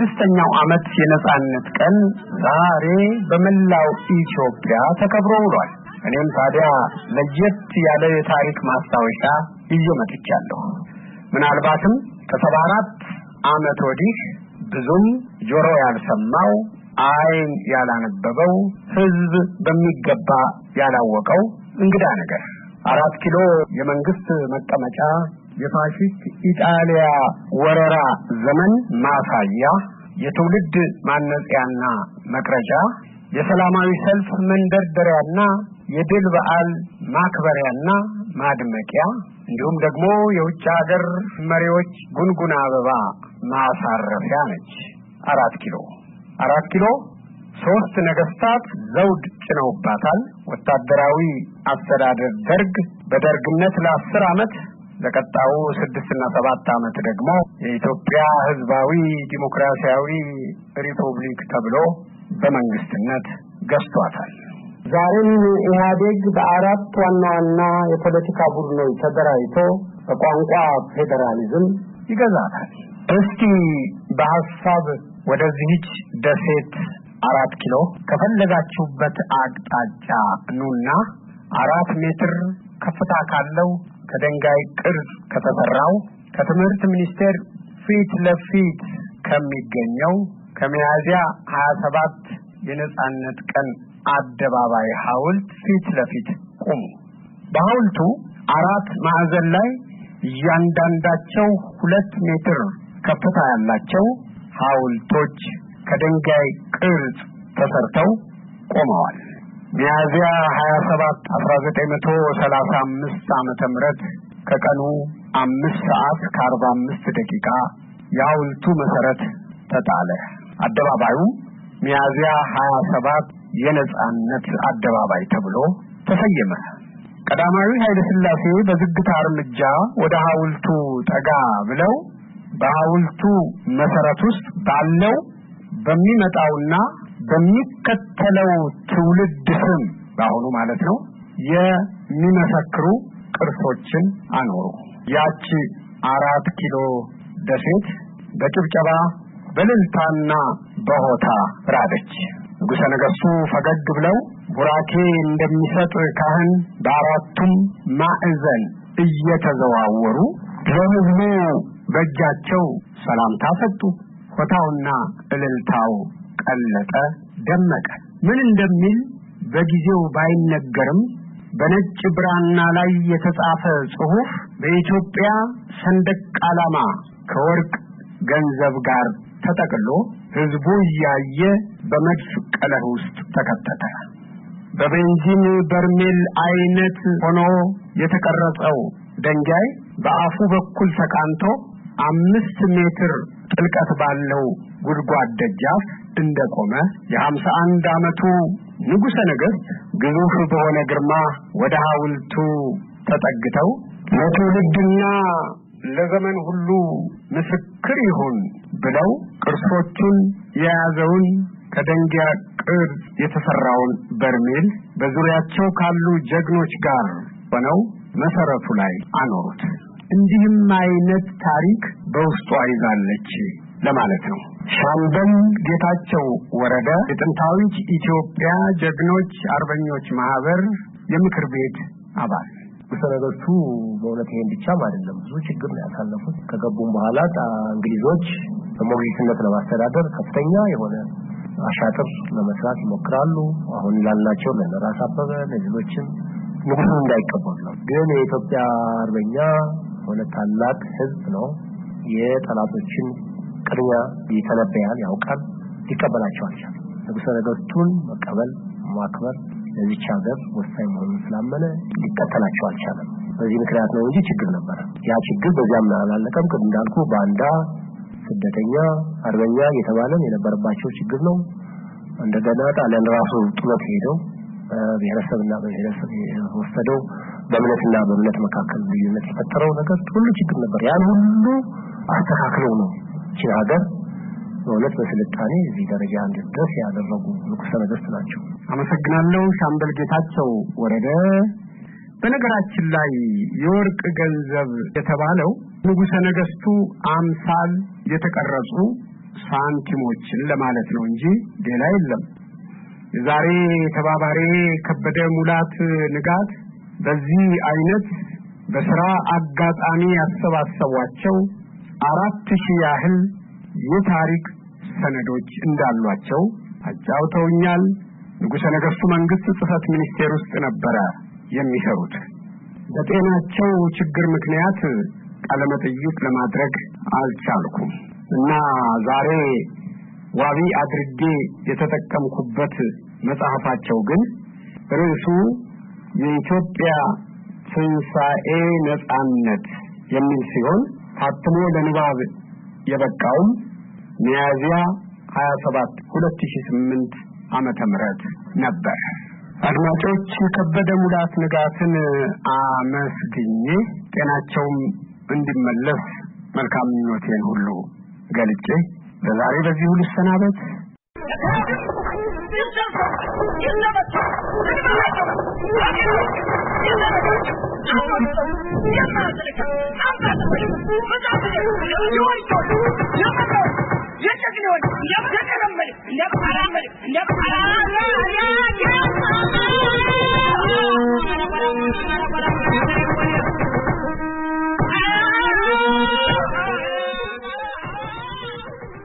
ስድስተኛው ዓመት የነጻነት ቀን ዛሬ በመላው ኢትዮጵያ ተከብሮ ውሏል። እኔም ታዲያ ለየት ያለ የታሪክ ማስታወሻ ይዤ መጥቻለሁ። ምናልባትም ከሰባ አራት ዓመት ወዲህ ብዙም ጆሮ ያልሰማው ዓይን ያላነበበው ሕዝብ በሚገባ ያላወቀው እንግዳ ነገር አራት ኪሎ የመንግስት መቀመጫ የፋሽስት ኢጣሊያ ወረራ ዘመን ማሳያ የትውልድ ማነጽያና መቅረጫ፣ የሰላማዊ ሰልፍ መንደርደሪያና የድል በዓል ማክበሪያና ማድመቂያ እንዲሁም ደግሞ የውጭ ሀገር መሪዎች ጉንጉን አበባ ማሳረፊያ ነች። አራት ኪሎ አራት ኪሎ ሶስት ነገስታት ዘውድ ጭነውባታል። ወታደራዊ አስተዳደር ደርግ በደርግነት ለአስር ዓመት ለቀጣዩ ስድስትና ሰባት ዓመት ደግሞ የኢትዮጵያ ህዝባዊ ዲሞክራሲያዊ ሪፐብሊክ ተብሎ በመንግስትነት ገዝቷታል። ዛሬም ኢህአዴግ በአራት ዋና ዋና የፖለቲካ ቡድኖች ተደራጅቶ በቋንቋ ፌዴራሊዝም ይገዛታል። እስቲ በሀሳብ ወደዚህች ደሴት አራት ኪሎ ከፈለጋችሁበት አቅጣጫ ኑና አራት ሜትር ከፍታ ካለው ከድንጋይ ቅርጽ ከተሰራው ከትምህርት ሚኒስቴር ፊት ለፊት ከሚገኘው ከሚያዚያ 27 የነጻነት ቀን አደባባይ ሐውልት ፊት ለፊት ቆሙ። በሐውልቱ አራት ማዕዘን ላይ እያንዳንዳቸው ሁለት ሜትር ከፍታ ያላቸው ሐውልቶች ከድንጋይ ቅርጽ ተሰርተው ቆመዋል። ሚያዚያ 27 1935 ዓመተ ምህረት ከቀኑ 5 ሰዓት 45 ደቂቃ የሐውልቱ መሰረት ተጣለ። አደባባዩ ሚያዚያ 27 የነጻነት አደባባይ ተብሎ ተሰየመ። ቀዳማዊ ኃይለ ሥላሴ በዝግታ እርምጃ ወደ ሐውልቱ ጠጋ ብለው በሐውልቱ መሰረት ውስጥ ባለው በሚመጣውና በሚከተለው ትውልድ ስም በአሁኑ ማለት ነው የሚመሰክሩ ቅርሶችን አኖሩ። ያቺ አራት ኪሎ ደሴት በጭብጨባ በልልታና በሆታ ራደች። ንጉሠ ነገሥቱ ፈገግ ብለው ቡራኬ እንደሚሰጥ ካህን በአራቱም ማዕዘን እየተዘዋወሩ ለሕዝቡ በእጃቸው ሰላምታ ሰጡ። ሆታውና እልልታው ቀለጠ፣ ደመቀ ምን እንደሚል በጊዜው ባይነገርም በነጭ ብራና ላይ የተጻፈ ጽሑፍ በኢትዮጵያ ሰንደቅ ዓላማ ከወርቅ ገንዘብ ጋር ተጠቅሎ ሕዝቡ እያየ በመድፍ ቀለህ ውስጥ ተከተተ። በቤንዚን በርሜል አይነት ሆኖ የተቀረጸው ደንጋይ በአፉ በኩል ተቃንቶ አምስት ሜትር ጥልቀት ባለው ጉድጓድ ደጃፍ እንደቆመ የሀምሳ አንድ ዓመቱ ንጉሠ ነገሥት ግዙፍ በሆነ ግርማ ወደ ሐውልቱ ተጠግተው ለትውልድና ለዘመን ሁሉ ምስክር ይሁን ብለው ቅርሶቹን የያዘውን ከደንጊያ ቅርጽ የተሰራውን በርሜል በዙሪያቸው ካሉ ጀግኖች ጋር ሆነው መሰረቱ ላይ አኖሩት። እንዲህም አይነት ታሪክ በውስጧ ይዛለች ለማለት ነው። ሻምበል ጌታቸው ወረደ የጥንታዊት ኢትዮጵያ ጀግኖች አርበኞች ማህበር የምክር ቤት አባል መሰረቱ በእውነት ይሄን ብቻም አይደለም። ብዙ ችግር ነው ያሳለፉት። ከገቡም በኋላ እንግሊዞች በሞግዚትነት ለማስተዳደር ከፍተኛ የሆነ አሻጥር ለመስራት ይሞክራሉ። አሁን ላልናቸው ለነራስ አበበ ለሌሎችም ንጉሱ እንዳይቀበሉ ነው። ግን የኢትዮጵያ አርበኛ የሆነ ታላቅ ህዝብ ነው። የጠላቶችን ቅድሚያ ይተነበያል፣ ያውቃል፣ ሊቀበላቸው አልቻለም። ንጉሠ ነገሥቱን መቀበል ማክበር ለዚች ሀገር ወሳኝ መሆኑን ስላመነ ሊቀተላቸው አልቻለም። በዚህ ምክንያት ነው እንጂ ችግር ነበረ። ያ ችግር በዚያም አላለቀም። ቅድም እንዳልኩ ባንዳ፣ ስደተኛ፣ አርበኛ እየተባለን የነበረባቸው ችግር ነው። እንደገና ጣሊያን ራሱ ጥሎት ሄደው ብሔረሰብና በብሔረሰብ ወሰደው በእምነትና በእምነት መካከል ልዩነት የፈጠረው ነገር ሁሉ ችግር ነበር። ያን ሁሉ አስተካክለው ነው ይህችን ሀገር በእውነት በስልጣኔ እዚህ ደረጃ እንድትደርስ ያደረጉ ንጉሠ ነገሥት ናቸው። አመሰግናለሁ። ሻምበል ጌታቸው ወረደ። በነገራችን ላይ የወርቅ ገንዘብ የተባለው ንጉሠ ነገሥቱ አምሳል የተቀረጹ ሳንቲሞችን ለማለት ነው እንጂ ሌላ የለም። የዛሬ ተባባሪ ከበደ ሙላት ንጋት በዚህ አይነት በስራ አጋጣሚ ያሰባሰቧቸው አራት ሺህ ያህል የታሪክ ሰነዶች እንዳሏቸው አጫውተውኛል። ንጉሠ ነገሥቱ መንግሥት ጽሕፈት ሚኒስቴር ውስጥ ነበረ የሚሰሩት። በጤናቸው ችግር ምክንያት ቃለ መጠይቅ ለማድረግ አልቻልኩም እና ዛሬ ዋቢ አድርጌ የተጠቀምኩበት መጽሐፋቸው ግን ርዕሱ የኢትዮጵያ ትንሣኤ ነጻነት የሚል ሲሆን ታትሞ ለንባብ የበቃውም ሚያዚያ 27 2008 ዓመተ ምህረት ነበር። አድማጮች የከበደ ሙላት ንጋትን አመስግኜ ጤናቸውም እንዲመለስ መልካም ምኞቴን ሁሉ ገልጬ ለዛሬ በዚህ ልሰናበት። 你快点！你快点！